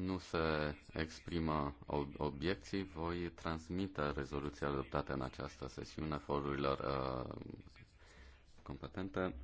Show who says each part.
Speaker 1: nu se exprimă obiecții, voi transmite rezoluția adoptată în această sesiune forurilor uh, competente.